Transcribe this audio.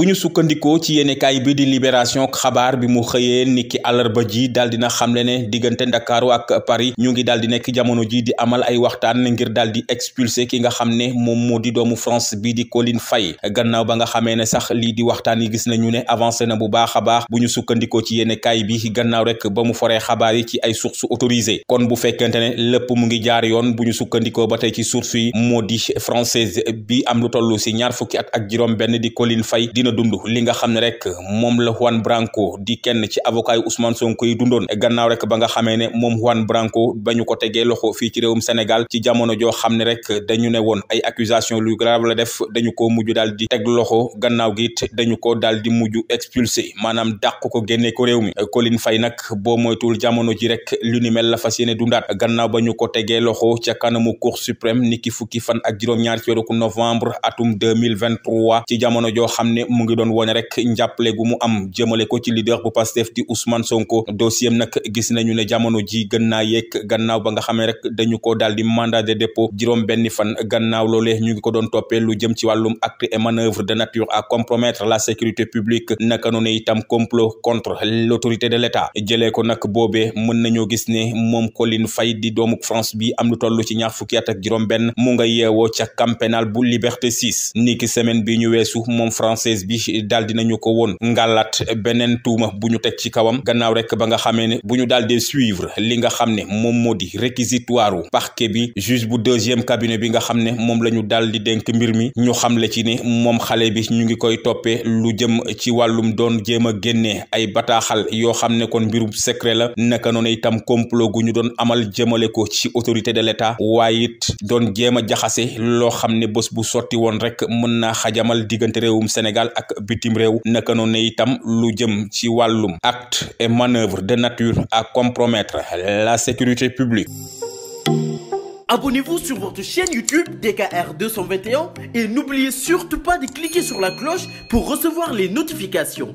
bu ñu sukkandikoo ci yenn kaay bi di libération xabaar bi mu xëyee niki àllarba ji daal na xamle ne diggante ndakaaru ak Paris ñu ngi daal di nekk jamono ji di amal ay waxtaan ngir daal di expulser ki nga xam ne moom moo di doomu France bi di Colin Faye gannaaw ba nga xamee ne sax lii di waxtaan yi gis nañu ne avancé na bu baax a baax bu ñu sukkandikoo ci yenn yéenekaay bi gannaaw rek ba mu foree xabaar yi ci ay sources autorisées kon bu fekkente ne lépp mu ngi jaar yoon bu ñu sukkandikoo ba tey ci source yi moo di française bi am lu toll si ñaar fukki ak juróom di Colin Faye la dund li nga xam ne rek moom la Juan Branco di kenn ci avocat yi Ousmane Sonko yi dundoon gannaaw rek ba nga xamee ne moom Juan Branco ba ñu ko tegee loxo fii ci réewum Sénégal ci jamono joo xam ne rek dañu ne woon ay accusation lu grave la def dañu ko mujj daal di teg loxo gannaaw gi it dañu ko daal di mujj expulsé maanaam dàq ko génne ko réew mi Colin Faye nag boo moytuwul jamono ji rek lu ni mel la fas yéene dundaat gannaaw ba ñu ko tegee loxo ca kanamu Cour suprême niki fukki fan ak juróom-ñaar ci weeru novembre atum ci jamono joo xam ne mu ngi doon wone rek njàppale gu mu am jëmale ko ci leader bu Pastef di Ousmane Sonko dossier nag gis nañu ne jamono ji gën naa yéeg gannaaw ba nga xamee rek dañu ko daal di mandat de dépôt juróom benn fan gannaaw loolee ñu ngi ko doon toppee lu jëm ci wàllum acte et manœuvre de nature à compromettre la sécurité publique naka noonu itam complot contre l'autorité de l'État jëlee ko nag boobee mën nañoo gis ne moom Colline fay di doomu France bi am lu toll ci ñax fukki at ak juróom benn mu nga yeewoo ca camp bu Liberté 6 presse bi daal dinañu ko woon ngalaat beneen tuuma bu ñu teg ci kawam gannaaw rek ba nga xamee ne bu ñu daal dee suivre li nga xam ne moom moo di réquisitoire u parquet bi juge bu deuxième cabinet bi nga xam ne moom la ñu daal di dénk mbir mi ñu xamle ci ne moom xale bi ñu ngi koy toppee lu jëm ci wàllum doon jéem a génnee ay bataaxal yoo xam ne kon mbirum secret la naka noonu itam complot gu ñu doon amal jëmale ko ci autorité de l'état waaye it doon jéem a jaxase loo xam ne bés bu sotti woon rek mën naa xajamal diggante réewum Sénégal Sénégal ak bitim réew naka noonu lu jëm ci wàllum acte et manœuvre de nature à compromettre la sécurité publique. Abonnez-vous sur votre chaîne YouTube DKR et n'oubliez surtout pas de cliquer sur la cloche pour recevoir les notifications.